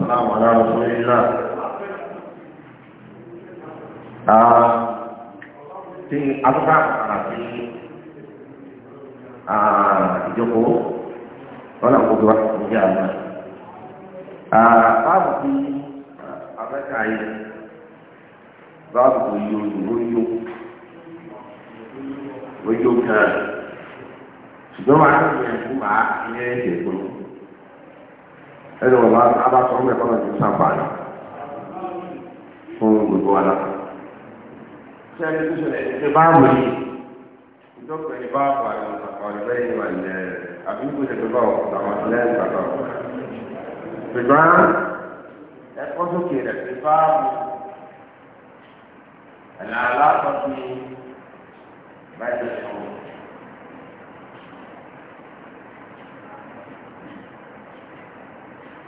والسلام على رسول الله tí asọ́ká àti ìjókòó lọ́nà gbogbo wa kò jẹ́ àná. báàbù tí afẹ́ka yìí báàbù tó yí oṣù lóyún lóyún kan ṣùgbọ́n wàá ní ìyẹn ẹni wọn bá abáṣọ ọmọ ẹ̀kọ́ náà ti sàǹfààní fún gbogbo wa náà. ṣé ẹni tó ṣẹlẹ̀ ẹni bá wù yí ìjọba ẹni bá wà ní ọ̀rẹ́ bẹ́ẹ̀ ni wà ní ẹ̀ àbí kò ṣe bá wọ̀ làwọn lẹ́yìn bàbá wọ̀. ṣùgbọ́n ẹ̀kọ́ sókè rẹ̀ ti bá wù ẹ̀là alákọ̀ọ́sí báyìí ṣe wọ̀.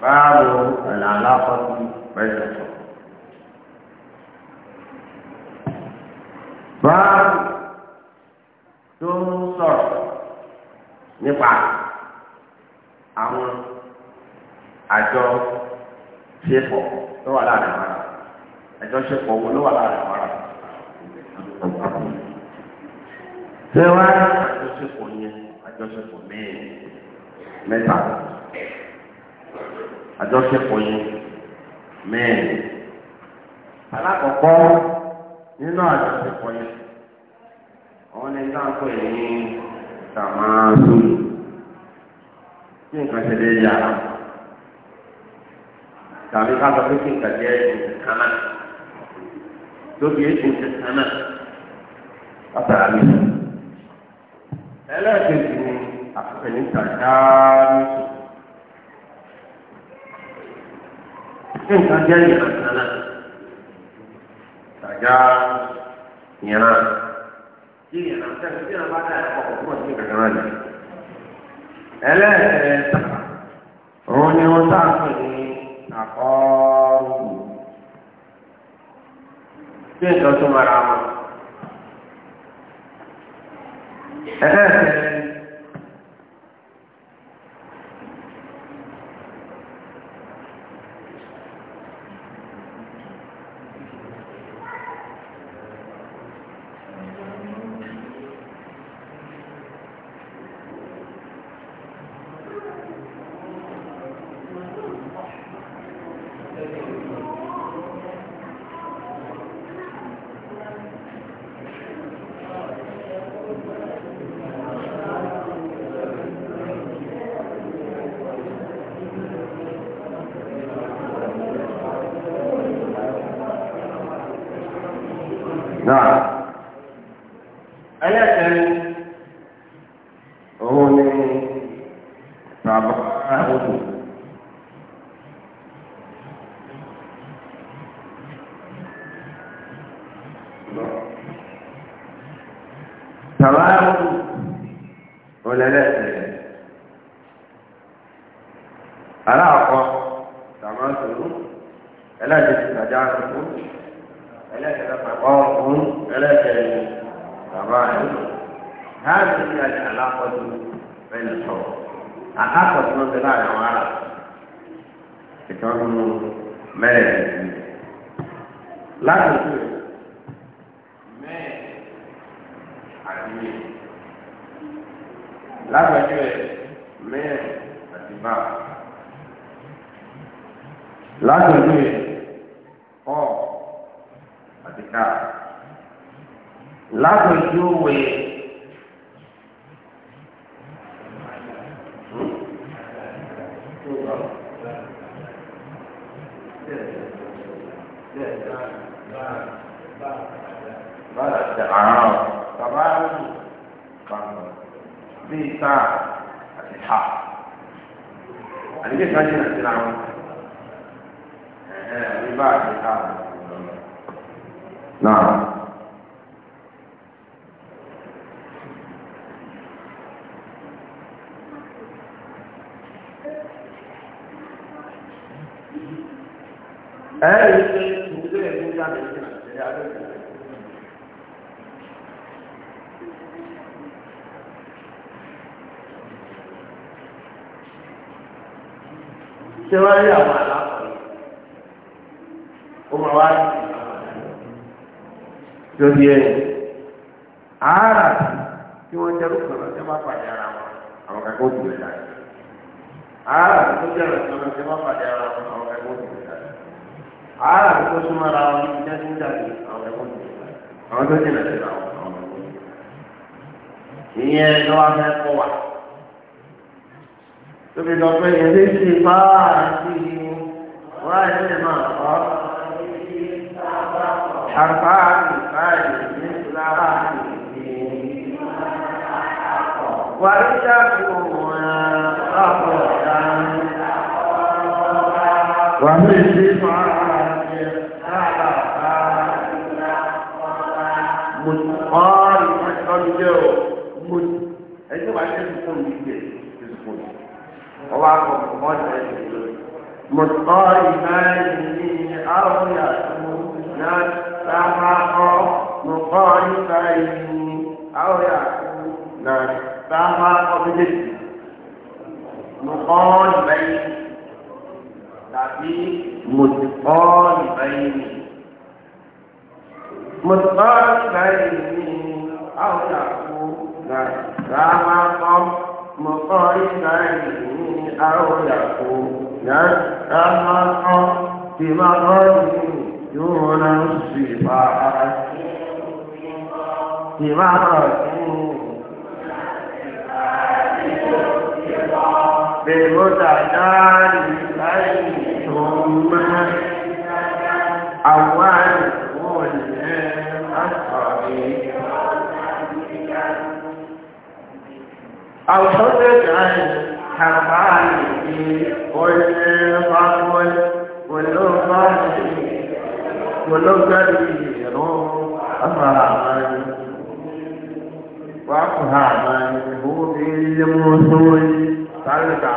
báàbò àlàáfọ́tì bẹ́ẹ̀ sọ. báàbò tó ń sọ̀rọ̀ nípa àwọn àjọ ṣepọ̀ tó wà láàrin ara àjọ ṣepọ̀ wo ló wà láàrin ara. ṣé wàá àjọṣepọ̀ yẹn àjọṣepọ̀ mẹ́rin mẹ́ta àjọṣepọ̀ yẹn mẹ́rin alákọ̀ọ́kọ́ nínú àjọṣepọ̀ yẹn àwọn ní sáńpọ̀ yẹn ní sàmáàlú kí nǹkan ṣe lè yára tàbí ká sọ pé kí nǹkan jẹ́ nǹkan náà lóbi èsì nǹkan náà látara mi ẹlẹ́ẹ̀kejì ni àfẹ́yìntà dáa ní sùn. tí nǹkan jẹ́ ìran kan náà tàjá ìran tí ìran tẹ́lẹ̀ tí ìran bá sí kankan náà ẹlẹ́ẹ̀ẹ́ta òun ni wọ́n tá pè ní àkọ́rùkù 那 ní alákọ̀ọ́dù bẹ́ẹ̀ ní sọ̀rọ̀ àkàkọ̀ tí wọ́n ti láàrin àwọn ará ìtọ́jú mẹ́rẹ̀ẹ́dì láti tó mẹ́ẹ̀ àdìyẹ lágbàjọ ẹ̀ mẹ́ẹ̀ àdìbà láti tó ọ̀ àdìkà lágbàjọ òwe. بارك عام تبارك بي ساعة الحق أنا ليش ما جينا السلام ببارك الحق نعم أي jáde ní ìṣẹ̀lẹ̀ alẹ́ ìṣẹ̀lẹ̀. ṣé wọ́n rí àwọn àlàkùn ó máa wá sí lórí ẹ̀ àárà tí wọ́n jẹ́ lókàn náà jẹ́ bá pàdé ara wọn àwọn kakó jù ẹ̀ dáadáa àárà tí wọ́n jẹ́ lókàn náà jẹ́ bá pàdé ara wọn àwọn kakó jù ẹ̀ dáadáa ara àdúgbò súnmọ́ ara wọn níbi jẹ́ síńdà bí àwọn ẹ̀kọ́ ní àwọn tó jìnà sí àwọn ọmọ ìyẹn ló wá fẹ́ kọ́ wa tóbi lọ pé yẹn lè ṣe bá àti wá ẹsẹ̀ máa kọ́ àbá àbáyé nígbà wà ní sáfù wọn àbọ̀ dáná wà ní ìdí fún ara. tó ń gbé ìsìnkú ọwọ́ àkọ́kọ́ wọn ṣe é mọ̀tọ́ ìmáyìí ní àwọn yàtọ̀ náà sábà ọ́ mọ̀tọ́ ìmáyìí ní كما مقاربا أو يكون كما بمقام دون الصفات بمقام بمتدارسين ثم أول أوصدت عن حقائقي والفضل والفضل والفضل أفهما وأفهما هو بالمثل تعالوا تعالوا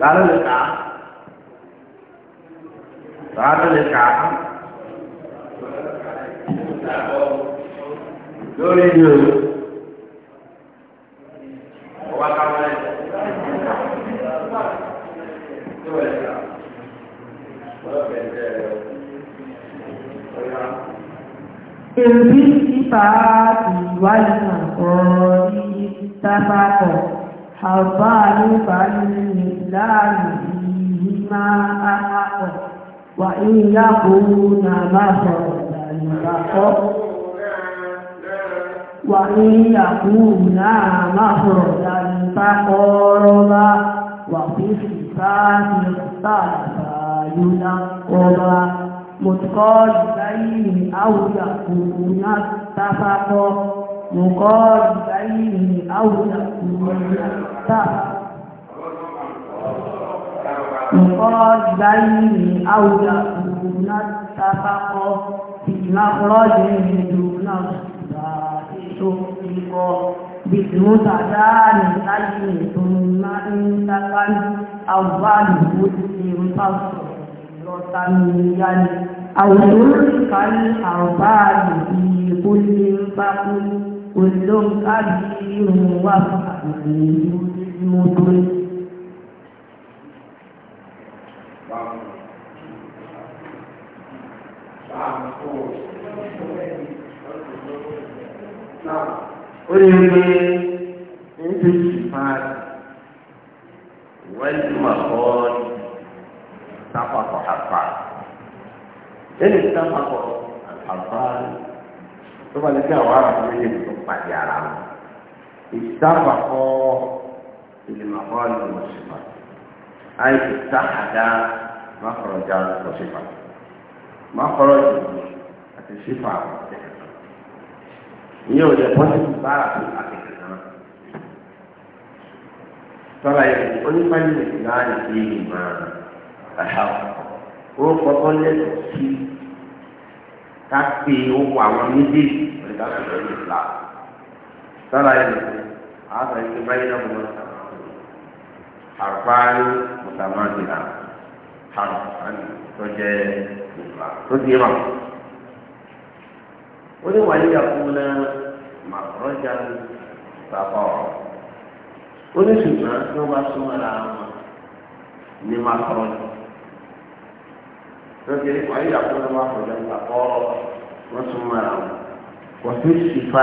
تعالوا تعالوا تعالوا تعالوا lórí ìlú Èrí ìfà ìwádìí ọ̀rọ̀ ní tábàkọ̀, àbá nípa ní láàrin ìyí máa ápapọ̀, wà ní yàkóó na máa sọ̀rọ̀ Wà ní yàkóó náà máa sọ̀rọ̀ ìgbàkọ́ rọ́lá wà fífì bá يسألون قضى متقال بين أو يقولون اتفقا مقال بين أو يقولون اتفقا مقال بين أو يقولون اتفقا في مخرج دون الصلاة بالمتعدان سيد ثم انتقل أول مسلم فصل سميا أو شركا أو بعد في كل فقل كل كبير وفقير مدرك ó lè gbé nítorí ìfà wẹ́lú màkọ́ọ́nù. سقط حقان إلي سقط الحقان ثم لك وعرف من يبقى يعلم استبقوا المقال والصفات أي اتحد مخرج وصفات مخرج الصفات yóò jẹ pọ́sibú bára fún akéèké náà tọ́lá yẹn onífàyè nìkan á lè fi ìmọ̀ orúkọ tó lẹ́sìn sí ká pé owó àwọn méjèèjì lórí ká sọ̀rọ̀ ní ìlà sára ẹ̀ lọ́sẹ̀ àásà ìṣe báyìí náà mọ̀ àrùfáàrí mùsàmáàdìlà àrùfáàrí tó jẹ́ ìlà tó ti mọ̀. ó ní wàá yíyà fún un náà màkúrọ́jà bàbá ọ̀rọ̀ ó ní ṣùgbọ́n tí wọ́n bá súnmọ́ra wọn ní lókè wáyé àkójọ máa kọjá nípa kọ́ wọ́n tún máa rà wọ́n wọ́n tún ṣìfà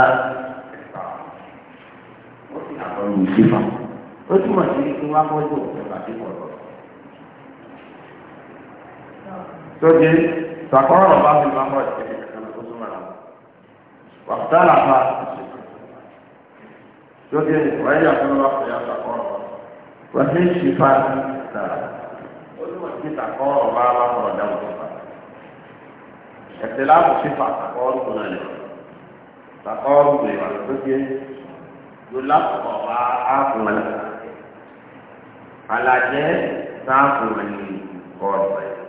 wọ́n tún àkọlù ṣìfà ó túmọ̀ sí kí wọ́n akọ́jọ ìjọba tí kọ̀ lọ. lókè sàkọ́rọ̀ bá fi máa mọ̀ ẹ̀jẹ̀ kan tó tún máa rà wọ́n wọ́n tún àlàfà lókè wáyé àkójọ máa kọjá nípa kọ́ wọ́n tún ṣìfà tààrà sífà kọ́ ọ̀rọ̀ bá wà sọ̀rọ̀ dáhùn sífà ẹ̀sẹ̀ láàbù sífà kọ́ ọ̀rọ̀ tó náà lè wà kọ́ ọ̀rọ̀ tó lè wà tó dé yóò lápò wá áàfù wọn alajẹ sáàfù wọn ni kọ́ ọ̀rọ̀ bẹ̀rẹ̀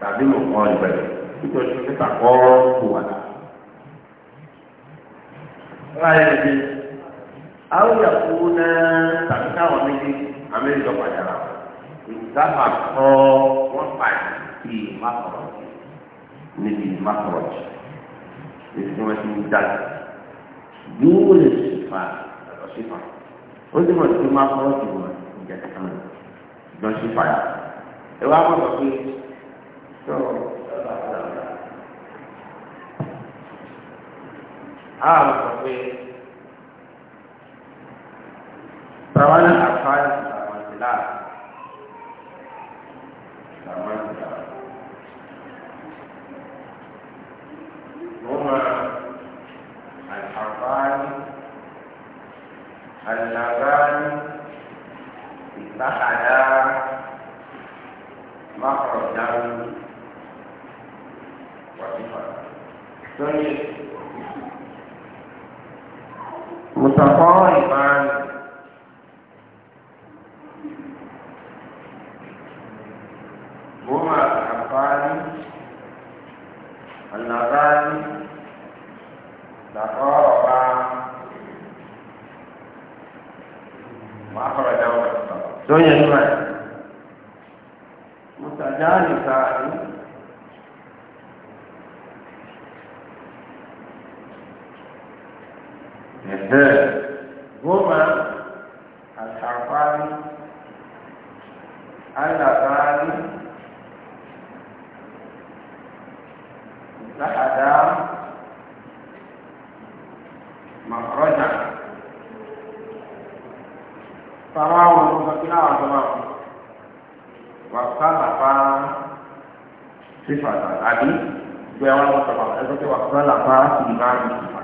tàbí mo kọ́ ọ̀rọ̀ bẹ̀rẹ̀ nítorí sífà kọ́ ọ̀rọ̀ tó wà náà. Ráyẹ̀ ni, àwọn yàgò ìsámà kọ́ wọ́n pàdé sí ìmákọ̀rọ̀ níbi ìmákọ̀rọ̀ jù èyí tí wọ́n ti ń dájú yóò lè ṣèfà ọ̀rọ̀ ṣèfà ó sì mọ̀ sí ìmákọ̀rọ̀ jù wọn ìjà kan lọ ṣèfà yà ẹ wá mọ̀ sọ pé tó a sọ pé tàwa náà. اللذان تقاربا وأخرجهما الصلاة. sífà àbí gbé àwọn ọmọ sọ̀rọ̀ ẹgbẹ́ tí wọ́n fẹ́ làbá sí ìbá mi sífà.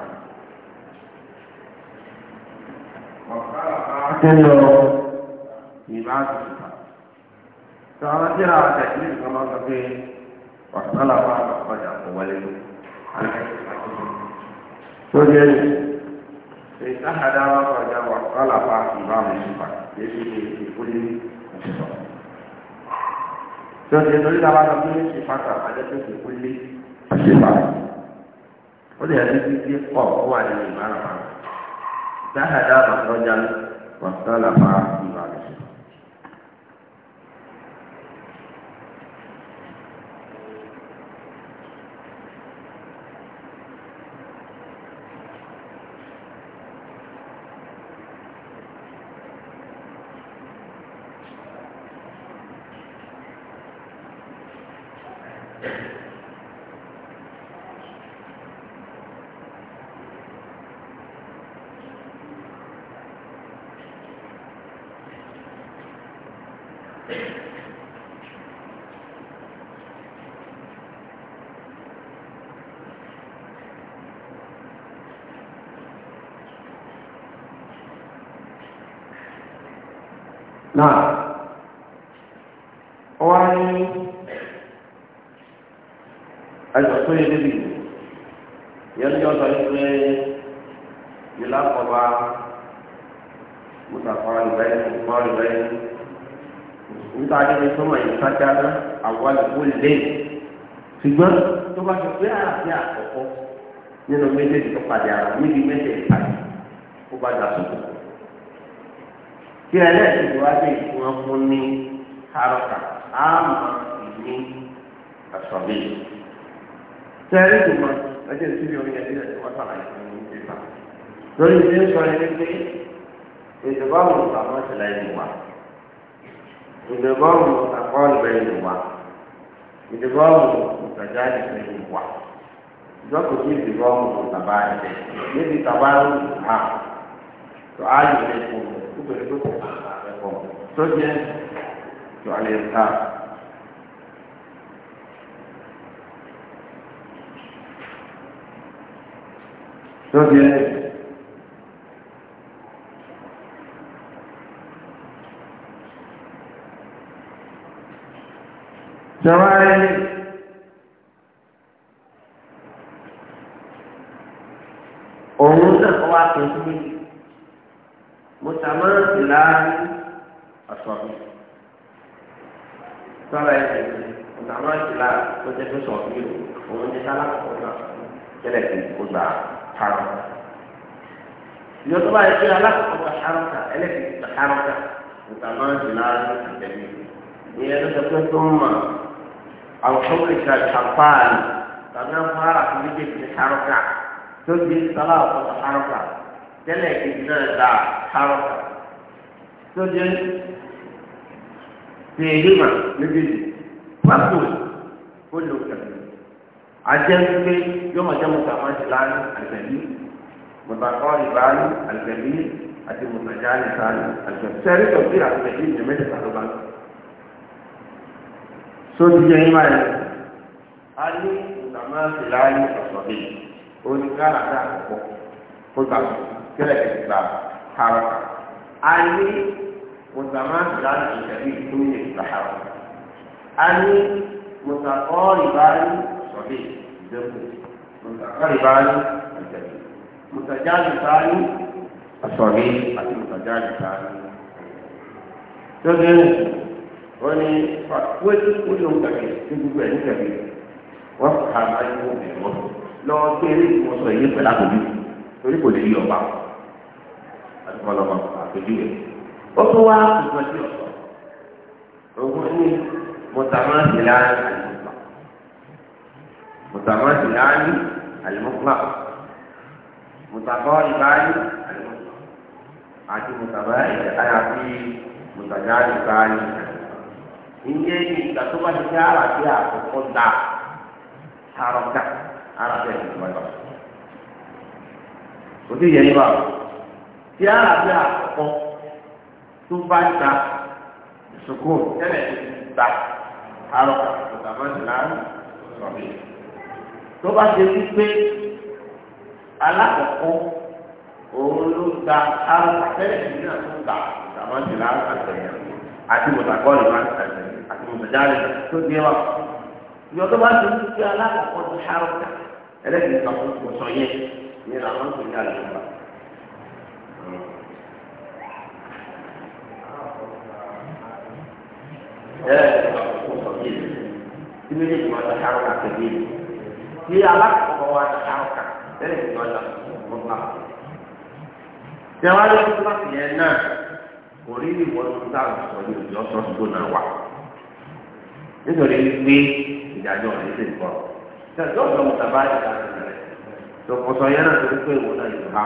Akẹ́lẹ́ ọ ìbá mi sífà. Sọ àwọn tí ra àtẹ̀sí ìgbà máa sọ pé wọ́n fẹ́ làbá ọjà kò wọlé lọ. Sọ́jà ẹ̀yìn. Ìtàhàdà wọn kọjá wọ́n fẹ́ làbá ìbá mi sífà. Yé tó ṣe torí ta bá lọ pé ṣe pàtó àbájẹ́ tó ṣe kó lé ṣe pàtó ó lè rí títí pọ̀ ó wà nínú náà wọ́n ní àjọ̀tún yẹn níbi yẹn ní ọ̀sán yìí pé yìlá kọba mùsàfà ìbẹ́yìn mọ́ ìbẹ́yìn níta ní sọ́mọ̀ yìí sájà náà àwọn àlùkò lè ṣùgbọ́n tó bá ti pé àlàáfíà àkọ́kọ́ nínú méjèèjì tó padà ara méjì méjèèjì padà ó bá dà sókè kí ẹlẹ́sìn wá lè wọ́n mú ní haraka àmọ́ ìní àṣọ̀bí. sẹ́rí ìgbìmọ̀ ẹjẹ́ ìtúbi orin ẹ̀dí ẹ̀dí wọ́n sàlàyé fún mi nípa. lórí ìdí ń sọ ẹni pé ìdìbò àwọn àwọn ìṣẹ̀lẹ̀ ìlú wa ìdìbò àwọn àkọọ́lù bẹ́ẹ̀ ìlú wa ìdìbò àwọn ìtajà ìṣẹ̀lẹ̀ ìlú wa ìjọkùn sí ìdìbò àwọn ìtàbá ìṣẹ̀lẹ̀ níbi ìtàbá ìlú wa tó nítorí pé kò ẹ̀kọ́ tó jẹ́ tó alẹ́ ta. tó jẹ́ jẹ́wọ́ ayé. الرجلان الصغير sọ́ra ẹ̀sìn ọ̀nà àwọn ìṣẹ̀lá tó jẹ́ pé sọ̀rọ̀ yìí òun ní sálá ọ̀nà tẹ́lẹ̀ tí kò gbà hàrọ̀. ìyọ́ tó bá yẹ pé alákọ̀ọ́kọ́ hàrọ̀ kà ẹlẹ́kìtì kà hàrọ̀ kà ọ̀nà àwọn ìṣẹ̀lá ìṣẹ̀lẹ̀ ní ẹni tó pé tó ń mọ̀ àwùjọ ìṣẹ̀lá ìṣàpáàlì tàbí àwọn ará tó ní kéèké ní hàrọ̀ kà tó di sálá ọ̀kọ̀ hàrọ̀ kà tẹ́lẹ̀ kejì náà dà hàrọ̀ kà tó jẹ́ tèèlìmà méjèèjì pàtó ó lò kẹ̀kẹ́ ajẹ́ wípé yọmọ jẹ́ mùsàmá ti lánàá àgbẹ̀bí mùsàkọ́ ìbáàlú àgbẹ̀bí àti mùsàjá nìkan àgbẹ̀bí sẹ́rí tó bí àgbẹ̀bí ìjẹ́mẹ́tẹ̀ kan ló bá lọ. só ti jẹ́ nígbà yẹn a ní mùsàmá ti lánàá ọ̀sọ̀bí oníkàlà náà pọ̀ kó gbà kílẹ̀ gbà kárọ̀kà. Ani ní mùsàmáàtì láti ìṣẹ̀lẹ̀ ìtúnyẹ̀ ìgbàhàwọ̀ a ní mùsàkọ́ọ̀rì báyìí sọ̀dẹ̀ ìdẹ́kù mùsàkọ́ọ̀rì báyìí ìdẹ́kù mùsàjáde báyìí sọ̀dẹ̀ àti mùsàjáde báyìí. tó dé wọ́n ní wọ́n ti kúlò ń kàkẹ́ ní gbogbo ẹ̀ ní kàkẹ́ wọ́n fà á báyìí wọ́n bẹ̀rẹ̀ wọ́n lọ́ọ́ kéré ìwọ̀sọ̀ yìí pẹ̀lú àkọ́bí àtúmọ̀lọ́mọ àpèjúwe. ó tún wá ìgbọ̀n tí ọ̀sọ̀ ogun ní mọ̀tàmáàtì láàrin àlùmọ́pà mọ̀tàmáàtì láàrin àlùmọ́pà mọ̀tàkọ́ ìbáyé àlùmọ́pà àti mọ̀tàbá àyàfi mọ̀tàjá ìbáyé ìyẹn ní ìgbà tó bá ti fi ara bí àkọ́kọ́ da òtún yẹn ní báwo tí a rà bí àkọ́kọ́ tó bá ta ìṣòkò tẹ́lẹ̀ tó ti ta àrọ̀ ìtàmọ́sí láàrín sọ̀rọ̀ tó bá ṣe wí pé alákọ̀ọ́kọ́ òun ló ta àrọ̀ tẹ́lẹ̀ tó ní àtúntò ta ìtàmọ́sí láàrín àtẹ̀yìn àti mọ̀tàkọ́ọ̀lù máa ń tẹ̀lé àti mọ̀tàjáde tó dé wà ìyọ̀ tó bá ṣe wí pé alákọ̀ọ́kọ́ ti àrọ̀ ẹlẹ́gbẹ̀ẹ́ kan kò sọ yẹ ní làwọn tó ní àlùfáà. ẹ tí méjèèjì máa ta ṣàrùkà tẹ̀lé tí alákọ̀ọ́ wa ta ṣàrùkà tẹ́lẹ̀ tí wọ́n ta ṣàrùkà tó ta. Tẹ̀wá ló ń tún láti yẹn náà kò rí ìwọ́n tó dá àwùjọ ní òjò ọ̀sọ́sọ́gbó náà wà. Nítorí wípé ìdájọ́ rẹ̀ ṣe ń bọ̀. Ìdájọ́ ọ̀dọ́ mọ̀tà bá ìdá rẹ̀. Tọkọtọ yẹn náà torí pé ìwọ̀n náà yóò há.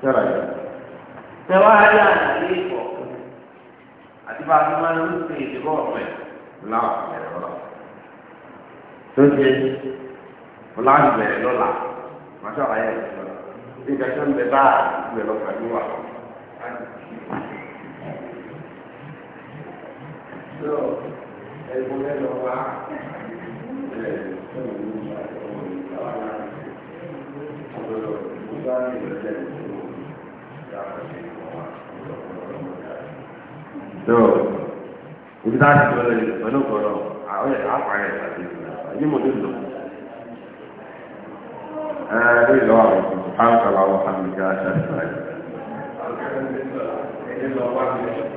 Tẹ̀wá yẹn. Tẹ̀wá yẹn àti àti bá a ti máa ń ṣe ìdìbò ọ̀fẹ́ láwọn bẹ̀rẹ̀ lọ́la tó ṣe láwọn bẹ̀rẹ̀ lọ́la màṣọ àyẹ̀ lọ́la nígbà tó ń bẹ bá ìgbẹ́ lọ pẹ̀lú wa. Thank you tó ibi tá a ti lọ lẹ́yìn pẹ̀lú ọ̀rọ̀ àwọn ẹ̀ka àpárẹ̀ àti ìgbìmọ̀ ní mo ti lò. ẹ ẹ àmì ìjà àṣà ìgbà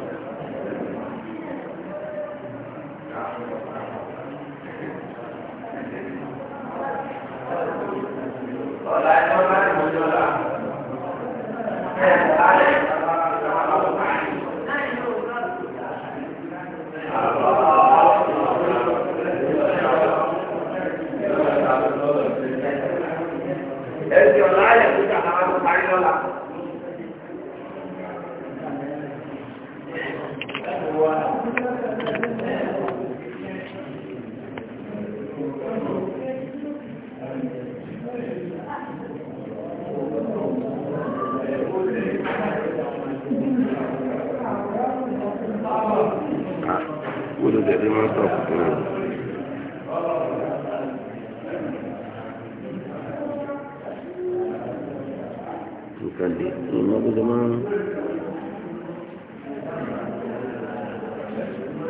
ẹ̀sìn ọ̀la ayẹ̀ tó jà náà ló